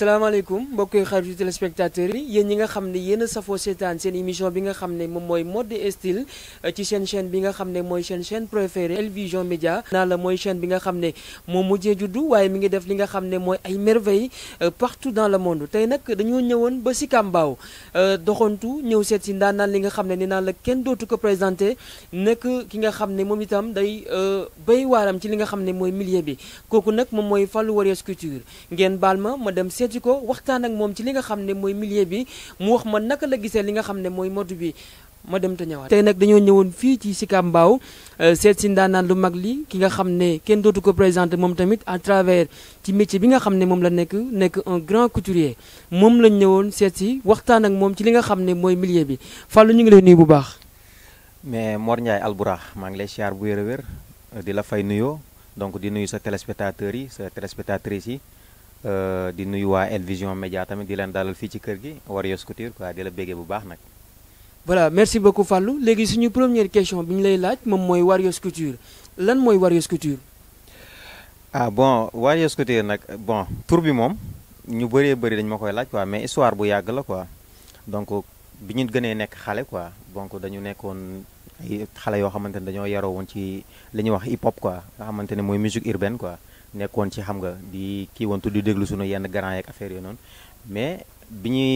Salam alaikum xaritu téléspectateurs yi yéen ñi nga sa ne yéen a émission bi nga xam mode et style euh, ci seen chaîne bi nga chaîne préférée Elvision Média Media la mooy chaîne bi nga xam ne moo mujjee juddu waaye mi ngi ay merveille euh, partout dans le monde tainak de dañoo one ba si Kambaaw euh, doxantu ñëw seet si ndaanaan li nga xam ne nee naa présenté ki day béy waaram ci li nga xam moy mooy bi Sculpture balma ci ko waxtaan ak moom ci li nga xam ne mooy milieu bi mu wax ma naka la gisee li nga xam ne mooy mode bi ma dem te ñëwaat. tey nag dañoo ñëwoon fii ci Sicap Mbao euh, seet si ndaanaan lu mag li ki nga xam ne kenn dootu ko présenté moom tamit à travers ci métier bi nga xam ne moom la nekk nekk un grand couturier moom lañ ñëwoon seet si waxtaan ak moom ci li nga xam ne mooy milieu bi Fallou ñu ngi lay nuyu bu baax. mais Mor Ndiaye Alburax maa ngi lay siyaar bu wér a wér di la fay nuyoo donc di nuyu sa téléspectateurs yi sa téléspectatrices yi. Euh, di nuyu waa El Vision Média tamit di leen dalal fii ci kër gi Warriors Couture quoi di la béggee bu baax nag. voilà merci beaucoup fàllu léegi suñu première question bi ñu lay laaj moom mooy Warriors Couture lan mooy Warriors Couture. ah bon Warriors Couture nag bon tur bi moom ñu bëree bëri dañu ma koy laaj quoi mais histoire bu yàgg la ko donc bi ñu gënee nekk xale quoi donc dañu nekkoon. ay xale yoo xamante ne dañoo yaroo woon ci li ñuy wax hip hop quoi nga xamante ne mooy musique urbaine quoi nekkoon ci xam nga di kii woon tudd déglu sunu yenn grand yeeg affaire yooyu noonu mais bi ñuy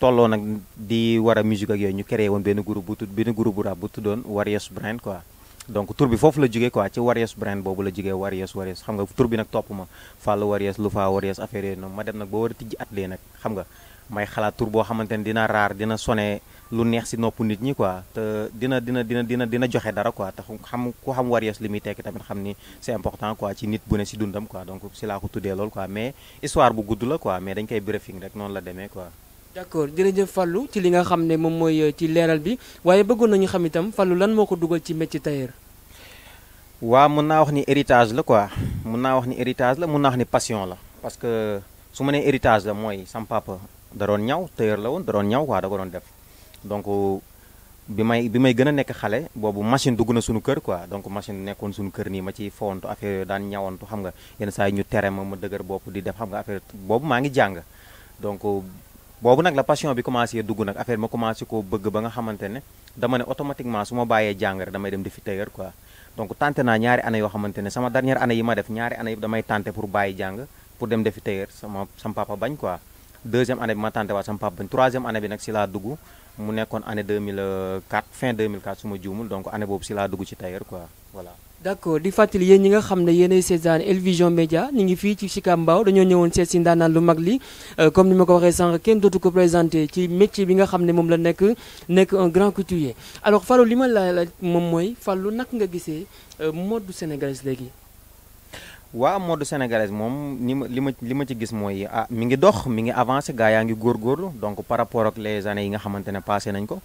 tolloo nag di war a musique ak yooyu ñu créé woon benn groupe bu tudd benn groupe bu bu tuddoon Warriors Brand quoi donc tur bi foofu la jógee quoi ci Warriors Brand boobu la jógee Warriors Warriors xam nga tur bi nag topp ma Fallou Warriors Lufa Warriors affaire yooyu noonu ma dem nag boo war a tijji atelier nag xam nga may xalaat tur boo xamante ni dina raar dina sone lu neex si nopp nit ñi quoi te dina dina dina dina dina joxe dara quoi te xam ku xam Warriors li muy tekki tamit xam ni c'est important quoi ci nit bu ne si dundam quoi donc si laa ko tuddee loolu quoi mais histoire bu gudd la quoi mais dañ koy briefing rek noonu la demee quoi. d'accord jërëjëf Fallou ci li nga xam ne moom mooy euh, ci leeral bi waaye bëggoon nañu xam itam Fallou lan moo ko dugal ci métier tailleur. waaw mën naa wax ni héritage la quoi mën naa wax ni héritage la mën naa wax ni passion la parce que su ma nee héritage mooy sam da ñaw tailleur la woon da ñaw quoi da doon def donc bi bi may gën a nekk xale boobu machine dugg na suñu kër quoi donc machine nekkoon suñu kër nii ma ci fowantu affaire yooyu daan ñawantu xam nga yenn ñu tere ma ma dëgër bopp di def xam nga affaire boobu maa ngi jàng donc boobu nag la passion bi commencé dugg nag affaire ma commencé koo nga xamante ne dama ne automatiquement suma ma bàyyee jàng rek damay dem defi tailleur quoi donc tante naa ñaari année yoo xamante ne sama dernière année yi ma def ñaari année yëpp damay tante pour bàyyi jàng pour dem defi tailleur sama sama bañ quoi deuxième année bi ma tànte waat sama papa bañ troisième année bi nag si laa dugg mu nekkoon année 2004 fin 2004 su ma juumul donc année boobu si laa dugg ci tailleur quoi voilà. di fàttali yéen ñi nga xam ne yéenay seetaan El Vision Média ñu ngi fii ci Sicap Mbao dañoo ñëwoon seet si ndaanaan lu mag li euh, comme ni ma ko waxee sànq kenn dootu ko présenté ci métier bi nga xam ne moom la nekk nekk un grand couturier alors Fallou li ma la laaj moom mooy Fallou nag nga gisee euh, mode sénégalaise léegi. waa mode sénégalaise moom ni li ma li ma ci gis mooy ah mi ngi dox mi ngi avancé gaa yaa ngi góorgóorlu donc par rapport ak les années yi nga xamante ne passé nañ ko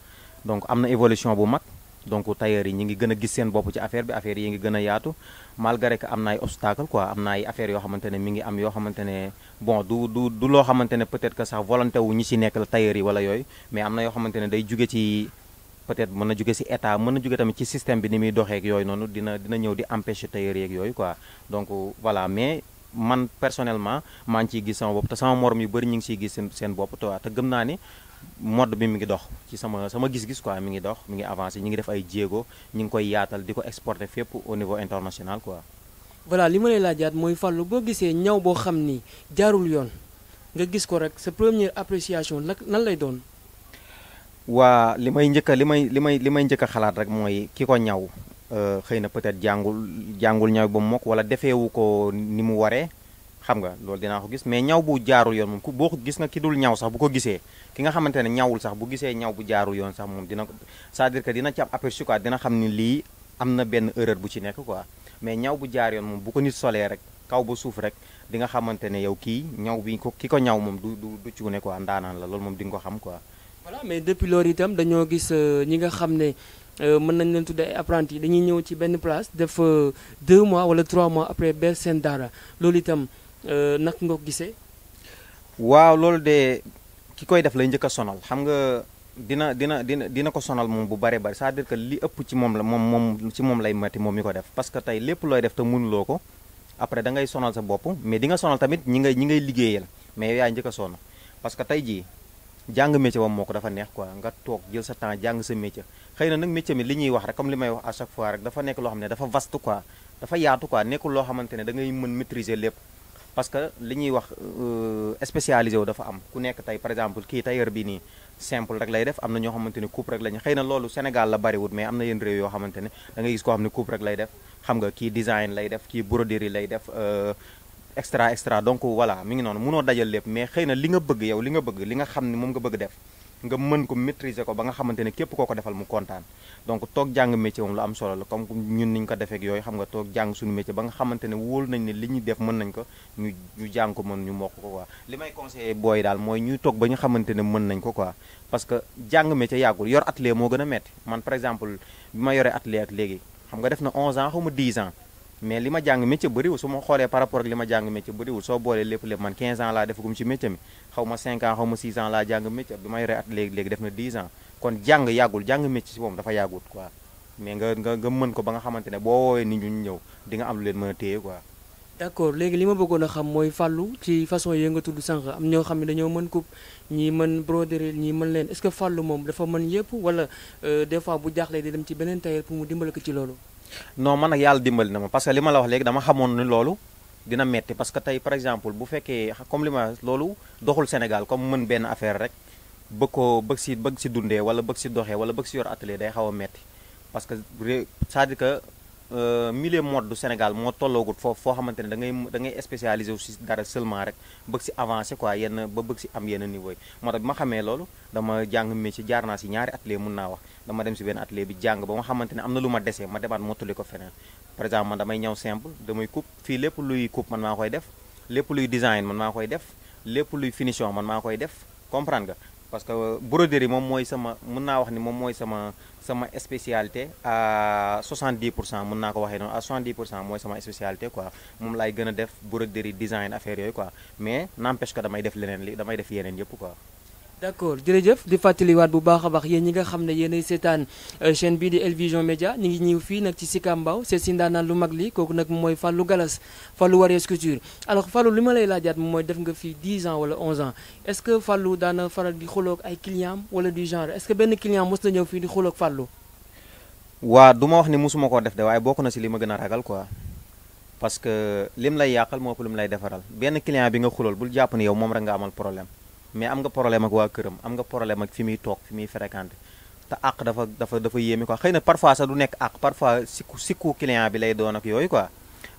donc am na évolution bu mag donc tailleur yi ñi ngi gën a gis seen bopp ci affaire bi affaire yi ngi gën a yaatu malgré que am na ay obstacle am na ay affaire yoo xamante ne mi ngi am yoo xamante ne bon du du loo xamante ne peut-être que sax volonté wu ñi si nekk la tailleur yi wala yooyu mais am na yoo xamante ne day jóge ci peut-être mën na jóge si état mën na jóge tamit ci système bi ni muy doxeek yooyu noonu dina dina ñëw di empêcher tailleur yeeg yooyu quoi donc voilà mais man personnellement maa ngi ciy gis sama bopp te sama morom yu bëri ñu ngi ciy gis seen seen bopp te waa te gëm naa ni mode bi mi ngi dox ci sama sama gis-gis quoi mi ngi dox mi ngi avancé ñi ngi def ay jéego ñi ngi koy yaatal di ko exporter fépp au niveau international quoi. voilà li ma lay laajaat mooy fàllu boo gisee ñaw boo xam ni jaarul yoon nga gis ko rek sa première nag nan lay doon. waa li may njëkk li may li may li may njëkk a xalaat rek mooy ki ko ñaw euh, xëy na peut-être jàngul jàngul ñaw ba mu mokk wala defeewu ko ni mu waree xam nga loolu dinaa ko gis mais ñaw bu jaarul yoon moom ku boo gis nga ki dul ñaw sax bu ko gisee ki nga xamante ne ñawul sax bu gisee ñaw bu jaarul yoon sax moom dina c'est-à-dire que dina ci am aperçu quoi xam ni lii am na benn erreur bu ci nekk quoi mais ñaw bu jaar yoon moom bu ko nit solee rek kaw ba suuf rek di nga xamante ne yow kii ñaw bi ko ki ko ñaw moom du du du ko quoi ndaanaan la loolu moom di nga ko xam quoi voilà mais depuis loolu itam dañoo gis euh, ñi nga xam ne euh, mën nañ leen tuddee ay apprentis dañuy ñëw ci benn place def euh, deux mois wala trois mois après ber seen daara loolu itam nag nga ko gisee. waaw loolu de ki koy def lay njëkk a xam nga dina dina dina dina ko sonal moom bu bare bari sa à li ëpp ci moom la moom moom ci moom lay mati moom ñu ko def parce que tey lépp looy def te mënuloo ko après da ngay sonal sa bopp mais di nga sonal tamit ñi ngay ñi ngay liggéeyal mais njëkk a parce que tey jii. jàng métier wam moo ko dafa neex quoi nga toog jël sa temps jàng sa métier xëy na nag métier mi li ñuy wax rek comme li may wax à chaque fois rek dafa nekk loo xam ne dafa vaste quoi dafa yaatu loo xamante ne da ngay mën maîtriser lépp parce que li ñuy wax euh, spécialisé wu dafa am ku nekk tey par exemple kii tailleur bi nii simple rek lay def am na ñoo xamante ne coupe rek la ñu xëy na loolu Sénégal la bariwut mais am na yenn réew yoo xamante ne da ngay gis koo xam ne coupe rek lay def xam nga kii design lay def kii broderie lay def euh, extra extra donc voilà mi ngi noonu mënoo dajal lépp mais xëy na li nga bëgg yow li nga bëgg li nga xam ne moom nga bëgg def nga mën ko maîtriser ko ba nga xamante ne képp koo ko defal mu kontaan donc toog jàng métier moom am solo la comme ñun niñ ko defeek yooyu xam nga toog jàng suñu métier ba nga xamante ne wóolu nañ ne li ñuy def mën nañ ko ñu ñu jàng ko mën ñu mokk ko quoi li may conseillé booy daal mooy ñuy toog ba xamante ne mën nañ ko quoi parce que jàng métier yàggul yor atelier moo gën a metti man par exemple bi ma yoree atelier ak léegi xam nga def na 11 ans xaw ma 10 ans mais li ma jàng métier bëriwul su ma xoolee par rapport ak li ma jàng métier bëriwul soo boolee lépp lépp man 15 ans laa defagum ci métier mi xaw ma 5 ans xaw ma laa jàng métier bi ma yoree at léegi kon jàng yàggul jàng métier si moom dafa yàggut mais nga nga nga mën ko ba nga xamante ne boo woowee nit ñu ñëw di am leen mën a téye quoi. d' accord léegi li ma bëggoon a xam mooy fàllu ci façon yi nga tudd sànq am ñoo xam ne dañoo mën coupe ñii mën broderie ñii mën leen est ce que fàllu moom dafa mën yëpp wala euh, des fois bu jaxlee di dem ci beneen tailleur pour mu dimbali ko ci loolu non man nag yàlla dimbali na ma parce que li ma la wax léegi dama xamoon ni loolu dina metti parce que tey par exemple bu fekkee comme li ma loolu doxul Sénégal comme mën benn affaire rek bëgg ko bëgg si bëgg si dundee wala bëgg si doxee wala bëgg si yor atelier day xaw a metti parce que cest à que Euh, milieu mode du Sénégal moo tolloogut foofu foo xamante ne dangay ngay ngay spécialisé wu si dara seulement rek bëgg si avancé quoi yenn ba bëgg si am yenn niveau yi moo tax bi ma xamee loolu dama jàng mi métier jaar naa si ñaari atelier mun naa wax dama dem si benn atelier bi jàng ba ma xamante ne am na lu ma desee ma demaat mottali ko feneen par exemple man damay ñëw simple damay coupe fii lépp luy coupe man maa koy def lépp luy design man maa koy def lépp luy finition man maa koy def comprendre nga parce que broderie moom mooy sama mën naa wax ni moom mooy sama sama spécialité à 70 pour cent mën naa ko waxee noonu à 70 pour cent mooy sama spécialité quoi moom laay gën a def broderie design affaire yooyu quoi mais n'empêche que damay def leneen li damay def yeneen yëpp quoi. d' accord jërëjëf di fàttaliwaat bu baax a baax yéen ñi nga xam ne yéenay seetaan euh, chaîne bii di El Média ñu ngi ñëw fii nag ci Sicap Mbao seet si ndaanaan lu mag li kooku nag mooy Fallou Galass Fallou Warrior Sculpture alors Fallou li ma lay laajaat moom mooy def nga fii 10 ans wala 11 ans est ce que Fallou faral di xuloog ay client wala du genre est ce que mos na ñëw di xuloog Fallou waa du ma wax ni mosuma koo def de waaye bokk na si li ma gën a ragal ko parce que lim lay yàqal moo ëpp mu lay defaral benn client bi nga xulool bul jàpp ni yow moom rek nga amal problème mais am nga problème ak waa këram am nga problème ak fi muy toog fi muy fréquenté te àq dafa dafa yéeme ko xëy na parfois sax du nekk àq parfois sikku sikku client bi lay doon ak yooyu quoi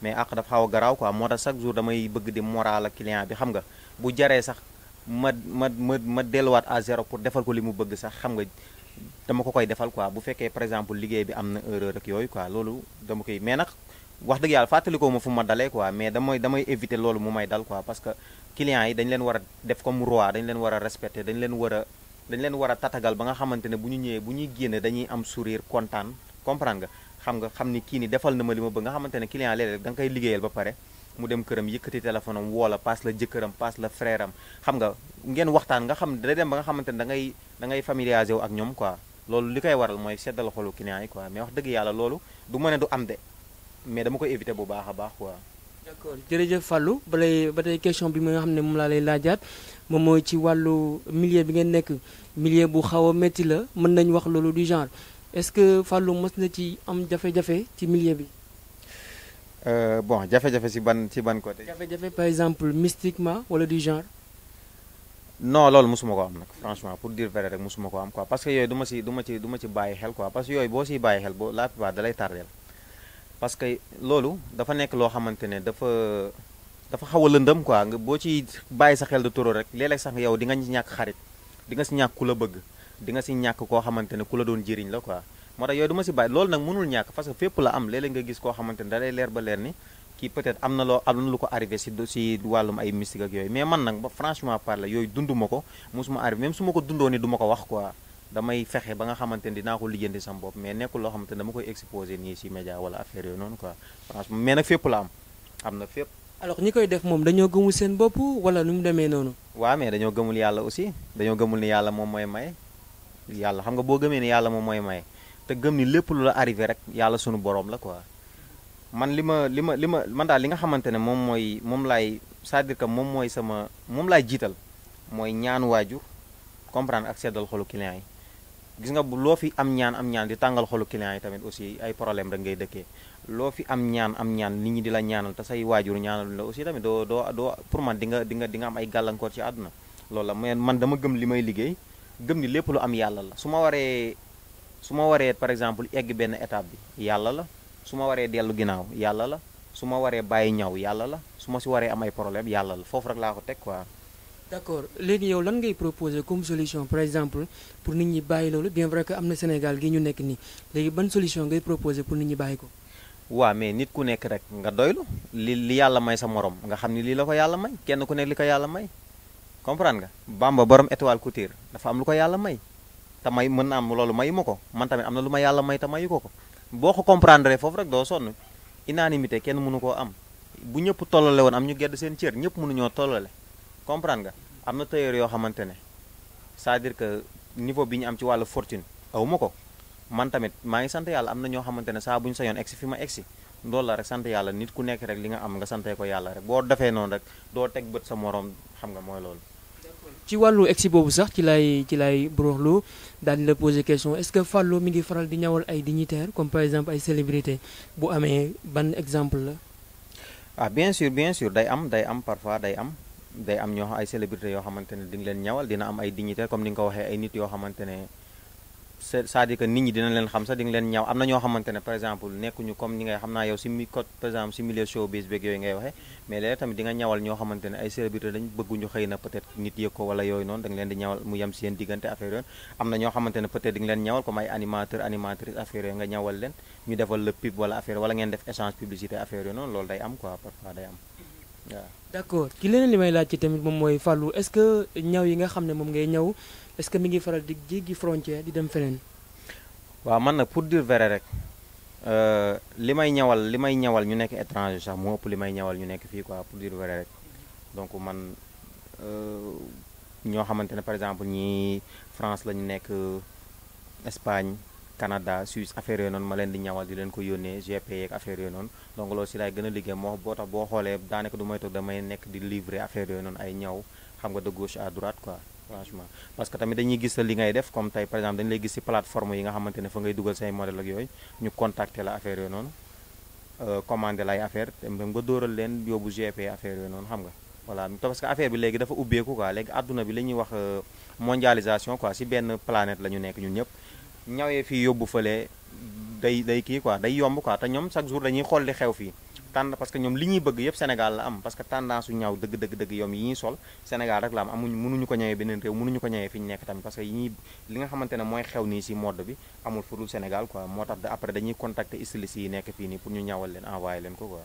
mais àq dafa xaw a garaaw quoi moo tax chaque jour damay bëgg di moral ak client bi xam nga bu jaree sax ma ma ma ma delluwaat à zéro pour defal ko li mu bëgg sax xam nga dama ko koy defal quoi bu fekkee par exemple liggéey bi am na erreur ak yooyu quoi loolu dama koy mais nag wax dëgg yàlla fàttalikoo ma fu ma dalee quoi mais damay damay éviter loolu mu may dal quoi parce que clients yi dañ leen war def comme roi dañ leen war a respecter leen war a leen war a tatagal ba nga xamante ne bu ñu ñëwee bu ñuy génne dañuy am sourire kontaan comprendre nga xam nga xam ni kii ni defal na ma li ma bëgg nga xamante ne client léeg-léeg da nga liggéeyal ba pare mu dem këram yëkkati téléphone am woo la paas la jëkkëram paas la frère xam nga ngeen waxtaan nga xam da dem ba nga xamante ne da ngay da ngay ñoom quoi loolu li koy waral mooy seddal xolu client yi quoi mais wax dëgg yàlla loolu du am de mais dama koy éviter bu baax a baax quoi. d'accord jërëjëf Fallou balay ba tey question bi nga xam ne moom laa lay laajaat moom mooy ci wàllu milieu bi ngeen nekk milieu bu xaw a métti la mën nañ wax loolu du genre est-ce que Fallou mës na ci am jafe-jafe ci milieu bi. Euh, bon jafe-jafe si ban si ban côté. jafe-jafe par exemple mystiquement wala du genre. non loolu mosuma ko am nag franchement pour dire vrai rek mosuma ko am quoi parce que yooyu du ma si du ci du ma la parce que loolu dafa nekk loo xamante ne dafa dafa xaw a lëndëm quoi nga boo ci bàyyi sa xel de toro rek léeg-léeg sax yow di nga ñàkk xarit di nga si ñàkk ku la bëgg di nga si ñàkk koo xamante ne ku la doon jëriñ la quoi moo tax yooyu du ma si bàyyi loolu nag mënul ñàkk parce que fépp la am léeg nga gis koo xamante ne da lay leer ba leer ni kii peut am na loo am na lu ko arrivé si si wàllum ay mystique ak yooyu mais man nag ba franchement parler yooyu dund ko mosuma arrivé même su ma ko dundoo ni ko wax quoi damay fexé ba nga xamante dina ko lijeenti sam bop mais nekkul lo xamante dama koy exposer ni ci média wala affaire yo non quoi franchement mais nak fepp la am amna fepp alors ñi koy def mom dañu gëmul seen bop wala num démé non wa mais dañu gëmul yalla aussi dañu gëmul ni yalla mom moy may yalla xam nga bo gëmé ni yalla mom moy may te gëm ni lepp lu la arrivé rek yalla sunu borom la quoi. man lima lima lima man da li nga xamante mom moy mom lay ça dire que mom moy sama mom lay jital moy ñaan waju comprendre ak sédal xolu client yi. gis nga bu loo fi am ñaan am ñaan di tàngal xolu client yi tamit aussi ay problème rek ngay dëkkee loo fi am ñaan am ñaan nit ñi di la ñaanal te say waajur ñaanal la aussi tamit doo doo doo pour man di nga di am ay gàllankoor ci àdduna loolu la mais man dama gëm li may liggéey gëm ni lépp lu am yàlla la su ma waree su ma waree par exemple egg benn étape bi yàlla la su ma waree dellu ginnaaw yàlla la su ma waree bàyyi ñaw yàlla la su ma si waree am ay problème yàlla la foofu rek laa ko teg quoi d'accord léegi yow lan ngay proposer comme solution par exemple pour nit ñi bàyyi loolu bien vrai que am na Sénégal gi ñu nekk nii léegi ban solution ngay proposer pour nit ñi bàyyi ko. waaw mais nit ku nekk rek nga doylu li li yàlla may sa morom nga xam ni lii la ko yàlla may kenn ku nekk li ko yàlla may comprendre nga. Bamba borom étoile couture dafa am lu ko yàlla may te may mën na am loolu mayu ma ko man tamit am na lu ma yàlla may te mayu ko ko boo ko foofu rek doo sonn unanimité kenn mënu koo am bu ñëpp tollale woon am ñu gedd seen cër ñëpp mënuñoo tollale. comprendre nga am na tailleur yoo xamante ne c'est-à-dire que niveau bi ñu am ci wàllu fortune awuma ko man tamit maa ngi sant yàlla am na ñoo xamante ne saa bu ñu sañoon egsi fi ma egsi loolu la ku nekk li nga am nga santee ko yàlla rek boo defee noonu doo teg bët sa moroom xam nga mooy loolu ci wàllu egsi boobu sax ci lay ci la poser question est-ce que Fallou mi ngi faral di ñawal ay dignitaires comme par exemple ay célébrité bu amee la ah bien sûr bien sûr day am day am parfois day am day am ñoo ay célébrité yoo xamante ne di nga leen ñawal dina am ay dignitaire comme ni nga ne c'est-à-dire que nit ñi dina leen xam sax di nga leen am na nga ñawal ñoo xamante ne ay célébrité dañ bëgguñu xëy na peut-être nit yëg ko wala yooyu noonu mu yem seen diggante affaire yooyu xamante ne peut-être di nga leen ñawal comme ay animateur animatrice affaire yooyu nga ñawal leen ñu defal le pub wala affaire wala ngeen def échange publicité affaire yooyu noonu day am quoi parfois day am waaw d'accord ki leneen li may laaj tamit moom mooy Fallou est-ce que ñaw yi nga xam ne moom ngay ñaw est-ce que mi ngi faral di jéggi frontière di dem feneen. waaw man nag pour dire vrai rek euh, li may ñawal li may ñawal ñu nekk étranger sax moo ëpp li may ñawal ñu nekk fii quoi pour dire vrai rek donc man euh, ñoo xamante ne par exemple ñii France la ñu nekk Espagne. Canada Suisse affaire yooyu noonu ma leen di ñawal di leen ko yónnee GP yeeg affaire yooyu noonu donc loolu si laay gën a liggéey moo boo tax boo xoolee daanaka du may toog damay nekk di livrer affaire yooyu noonu ay ñaw xam nga de li nga xamante ne fa ngay dugal say modèle ak yooyu ñu contacter la affaire yooyu noonu euh, commandé lay affaire dem nga dóoral leen yóbbu GP affaire yooyu noonu xam nga voilà parce que affaire bi léegi dafa ubbeeku quoi léegi àdduna bi la ñuy wax euh, mondialisation quoi si benn planète la ñu nekk ñun ñëpp ñawee fii yóbbu fële day day kii quoi day yomb quoi te ñoom chaque jour dañuy xool li xew fii tànn parce que ñoom li ñuy bëgg yëpp Sénégal la am parce que tendance su ñaw dëgg dëgg dëgg yoom yi ñuy sol Sénégal rek la am amuñu mënuñu ko ñëwee beneen réew mënuñu ko ñëwee fi ñu nekk tamit parce que yi ñuy li nga xamante ne mooy xew nii si mode bi amul furul Sénégal quoi moo tax après dañuy contacter styliste yi nekk fii nii pour ñu ñawal leen envoyé leen ko quoi.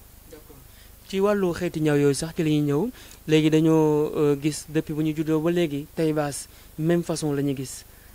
ci wàllu xeeti ñaw yooyu sax ci la ñuy ñëw léegi dañoo euh, gis depuis bu ñu juddoo ba léegi tey baas même façon la ñuy gis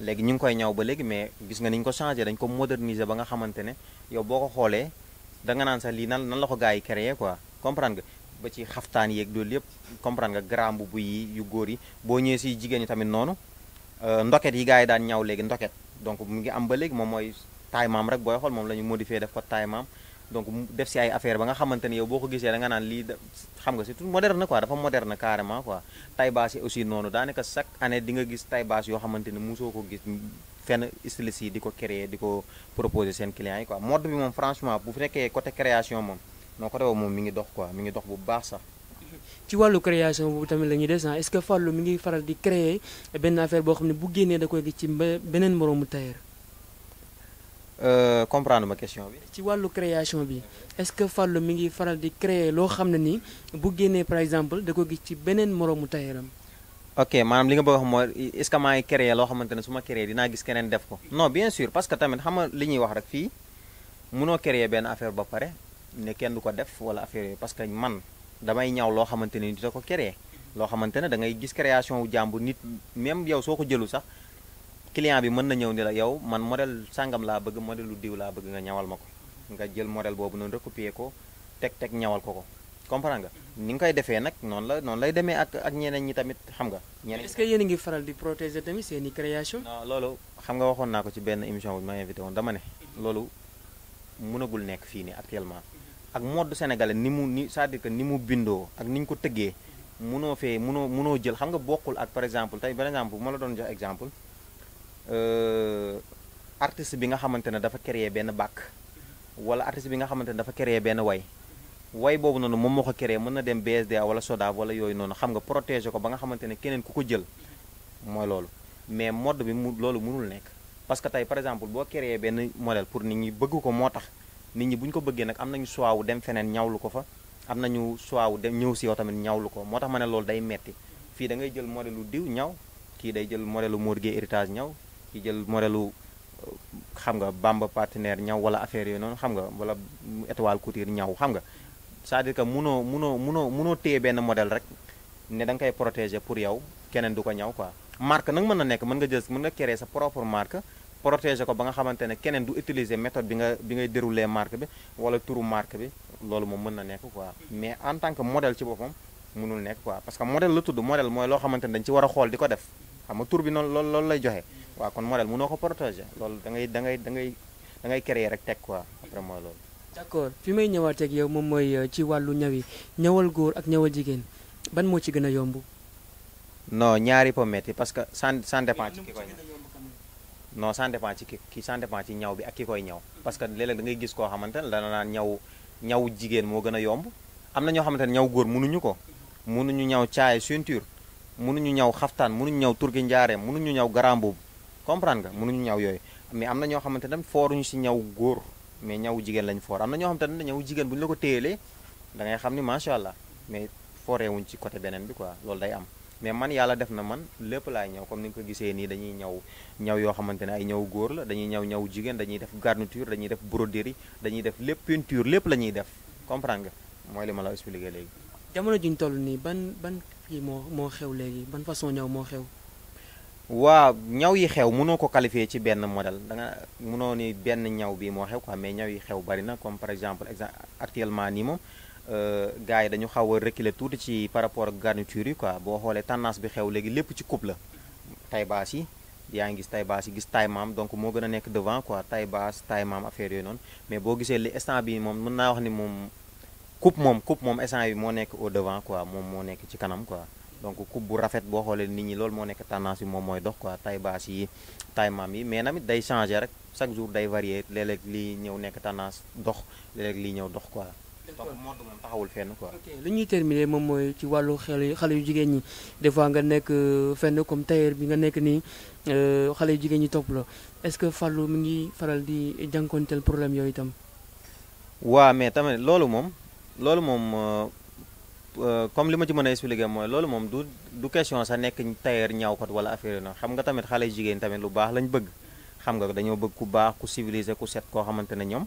léegi ñu ngi koy ñaw ba léegi mais gis nga niñ ko changé dañ ko moderniser ba nga xamante ne yow boo ko xoolee da nga naan sax lii nan nan la ko gars yi créé quoi comprendre nga ba ci xaftaan yeeg loolu yëpp comprendre nga grand mbubb yi yu góor yi boo ñëwee si jigéen ñi tamit noonu euh, ndoket yi gars yi daan ñaw léegi ndoket donc mu ngi am ba léegi moom mooy taay maam rek booy xool moom la ñu modifié def ko taay maam donc def si ay affaire ba nga xamante ni yow boo ko gisee da nga naan lii xam nga c'est tout moderne quoi dafa moderne carrément quoi taille basse aussi noonu daanaka chaque année di nga gis taille basse yoo xamante ni musoo ko gis fenn styliste yi di ko créer di ko proposer seen clients yi quoi mode bi moom franchement bu fekkee côté création moom non côté boobu moom mi ngi dox quoi mi ngi dox bu baax sax. ci wàllu création boobu tamit la ñuy des est-ce ngi fara di créer benn affaire xam ne bu génnee da koy gis ci beneen moroomu tailleur. Euh, comprendre ma question bi. ci wàllu création bi est-ce que Fallou mi ngi faral di créer loo xam ne ni bu génnee par exemple da ko gis ci beneen moroomu tayeram ok maanaam li nga bëgg a wax mooy est-ce que maa ngi créer loo xamante ne su ma créer dinaa gis keneen def ko. non bien sûr parce que tamit xam nga li ñuy wax rek fii munoo créer benn affaire ba pare ne kenn du ko def wala affaire yooyu parce que man damay ñaw loo xamante ne ni da ko créer loo xamante ne da ngay gis création wu jàmbur nit même yow soo ko jëlu sax. client bi mën na ñëw ni la yow man modèle sàngam laa bëgg modèle lu diw laa bëgg nga ñawal ma ko nga jël model boobu noonu recopier ko teg teg ñawal ko ko comprendre nga ni nga koy defee nag noonu la noonu lay demee ak ak ñeneen ñi tamit xam nga. ñeneen est yéen a ngi faral di protéger tamit seen i création. non loolu xam nga waxoon naa ko ci benn émission bu ma invité woon dama ne. loolu mënagul nekk fii nii actuellement. ak mode sénégalais ni mu ni cest à que ni mu bindoo ak ni ñu ko tëggee. munoo fee mënoo mënoo jël xam nga bokkul ak exemple tey par exemple bu ma la jox exemple. Euh, artiste bi nga xamante ne dafa créer benn bàkk wala artiste bi nga xamante ne dafa créer benn way way boobu noonu moom moo ko créer mën na dem BSDA wala SODAV wala yooyu noonu xam nga protéger ko ba nga xamante ne keneen ku ko jël mooy loolu mais mode bi mu loolu mënul nekk parce que tey par exemple boo créer benn modèle pour nit ñi bëgg ko moo tax nit ñi bu ñu ko bëggee nag am nañu choix wu dem feneen ñawlu ko fa am na ñu wu dem ñëw si yow tamit ñawlu ko moo tax ma ne loolu day metti fii da ngay jël modèle lu diw ñaw kii day jël modèle lu Modou Gueye héritage ki jël modelu euh, xam nga bamb partenaire ñaw wala affaire yooyu noonu xam nga wala étoile couture ñaw xam nga c'est-à-dire que munoo munoo munoo munoo téye benn modèle rek ne da nga koy protéger pour yow keneen du ko ñaw quoi marque nag mën na nekk mën nga jël mën nga créer sa propre marque protéger ko ba nga xamante ne keneen du utiliser méthode bi nga bi ngay dérouler marque bi wala turu marque bi loolu moom mën na nekk quoi mais en tant que modèle ci boppam mënul nekk loo xamante ne dañ ci war a xool di def xam nga tur bi noonu loolu loolu lay joxe waaw kon modèle mënoo ko protéger loolu dangay dangay da ngay créer rek teg quoi après mooy loolu. d'accord fi may ñëwaat teg yow moom mooy euh, ci wàllu ñaw yi ñawal góor ak ñawal jigéen ban moo ci gën a yomb. non ñaari po métti parce que ça ça dépend ci ki koy ñaw non ça dépend ci ki ñaw bi ak ki koy ñaw parce que léeg-léeg da ngay gis koo xamante ne dana naan ñaw ñaw jigéen moo gën a yomb am na ñoo xamante ne ñaw góor mënuñu ko mënuñu ñaw caay ceinture munu mënuñu ñaw xaftaan mënuñu ñaw turki njaareem mënuñu ñaw garaam boobu comprendre nga mënuñu ñaw yooyu mais am na ñoo xamante ne ñu si ñaw góor mais ñaw jigéen lañ foor am na ñoo xamante ne ñaw jigéen bu ñu ko téyelee da xam ni macha allah mais fooree wuñ ci côté beneen bi quoi loolu day am mais man yàlla def na lépp laay ñaw comme ni nga ko gisee nii dañuy ñaw ñaw yoo xamante ne ay ñaw góor la dañuy ñaw ñaw jigéen dañuy def garniture dañuy def broderie dañuy def lépp peinture lépp la ñuy def comprendre nga mooy li ma la expliqué léegi jamono juñ toll nii yi moo moo xew léegi man façon ñaw moo xew. waaw ñaw yi xew mënoo ko qualifier ci benn modèle da nga mënoo ni benn ñaw bi moo xew quoi mais ñaw yi xew bari na comme par exemple actuellement nii moom euh, gars yi dañu xaw a reculer tuuti ci par rapport ak garniture yi quoi boo xoolee tendance bi xew léegi lépp ci coupe la. taille basse yi yaa ngi gis taille basse yi gis taille maam donc moo gën a nekk devant quoi taille basse taille maam affaire yooyu noonu mais boo gisee li instant bi moom. coupe mom, coupe mom, instant yi mo nek au devant quoi mom mo nek ci kanam quoi donc coupe bu rafet bo xolé nit ñi lool mo nek tendance mom moy dox quoi tay basse yi tay mam yi mais nami day changer rek chaque jour day varier léeg-léeg lii ñëw nekk tendance dox léeg-léeg lii ñëw dox quoi. donc mode moom taxawul fenn li ñuy terminer moom mooy ci wàllu xale yu yu jigéen ñi des fois nga nekk euh, fenn comme tailleur bi nga euh, yu ñi est-ce que mi ngi faral di jànkuwanteel problème yooyu itam. waaw mais tamit loolu mom. loolu moom euh, euh, comme li ma ci mën a expliquer mooy loolu moom du du question sa nekk tailleur ñaawkat wala affaire na xam nga tamit xale jigéen tamit lu baax lañ bëgg xam nga dañoo bëgg ku baax ku civilisé ku set koo xamante ne ñoom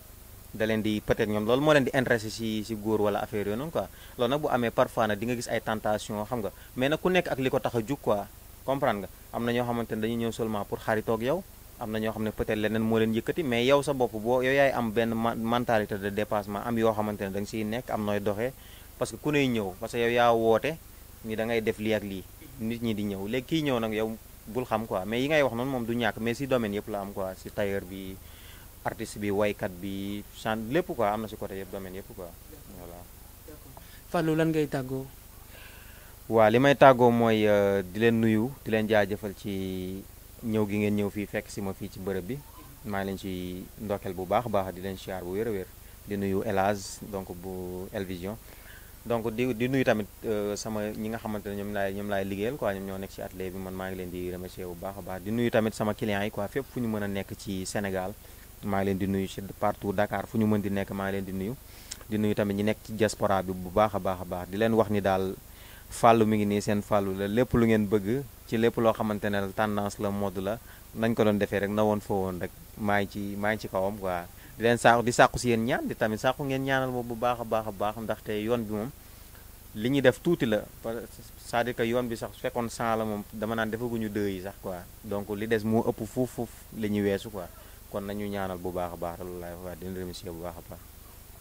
da leen di peut-être ñoom loolu moo leen di intéressé si si góor wala affaire yooyu noonu loolu nag bu amee parfois nag di nga gis ay tentation xam nga mais nag ku nekk ak li ko tax a jug quoi comprendre nga am na ñoo xamante ne dañuy ñëw seulement pour xaritoog yow am na ñoo xam ne peut-être leneen moo leen yëkkati mais yow sa bopp boo yow yaay am benn mentalité de dépassement am yoo xamante ne da nga siy nekk am nooy doxee que ku ney ñëw parce que yaa woote ni da def lii ak lii nit ñi di ñëw lekk kii ñëw nag yow bul xam quoi mais yi ngay wax noonu moom du ñàkk mais si domaine yëpp la am quoi si tailleur bi artiste bi waykat bi chant lépp quoi am na si côté yëpp domaine yëpp quoi voilà. Fallou lan ngay tàggoo. li may tàggoo mooy euh, di leen nuyu di leen jaajëfal ci. ñëw gi ngeen ñëw fii fekk si ma fii ci bërëb bi maa ngi leen ci ndokkeel bu baax a baax di leen siyaar bu wér a di nuyu El donc bu El Vision di di nuyu tamit euh, sama ñi nga xamante ne ñoom laay ñoom laay liggéeyal quoi ñoo nekk ci atelier bi maa ngi leen di remercier bu baax a baax di nuyu tamit yi quoi fépp fu ñu mën a ci Sénégal maa ngi leen di nuyu ci partout Dakar fu ñu mën di nekk maa leen di nuyu di nuyu tamit ñi nekk ci diaspora bu baax a baax a di leen wax ni daal fàllu mi ngi nii seen fàllu la lépp lu ngeen bëgg ci lépp loo xamante ne tendance la mode la nañ ko doon defee rek na woon foo woon rek maa ngi ci maa ngi ci kawam quoi di leen saako di sàqu si yéen ñaan di tamit sàqu ngeen ñaanal moom bu baax a baax a baax ndaxte yoon bi moom li ñuy def tuuti la c'est-à-dire yoon bi sax fekkoon 100 la moom dama naan defaguñu deux yi sax quoi donc li des moo ëpp fuuf fuuf li ñuy weesu quoi kon nañu ñaanal bu baax a baax loolu laay wax di leen bu baax a baax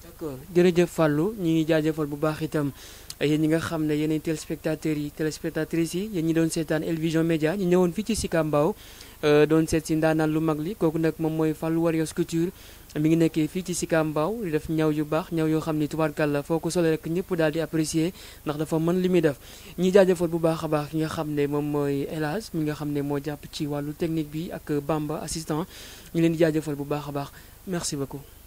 d'accord jërëjëf Fallou ñi ngi jaajëfal bu baax itam yéen ñi nga xam ne yéenay téléspectateurs yi téléspectatrices yi yéen ñi doon seetaan Elvision Média ñu ñëwoon fii ci Sicap Mbao euh, doon seet si ndaanaan lu mag li kooku nag moom mooy Fallou Warriors Couture mi ngi nekkee fii ci Sicap Mbao def ñaw yu baax ñaw yoo xam ne ni tubaarkàlla foo ko solo rek ñëpp daal di apprécier ndax dafa mën li muy def ñi jaajëfal bu baax a baax ki nga xam ne moom mooy Elage mi nga xam ne moo jàpp ci wàllu technique bi ak Bamba assistant ñu leen jaajëfal bu baax a baax merci beaucoup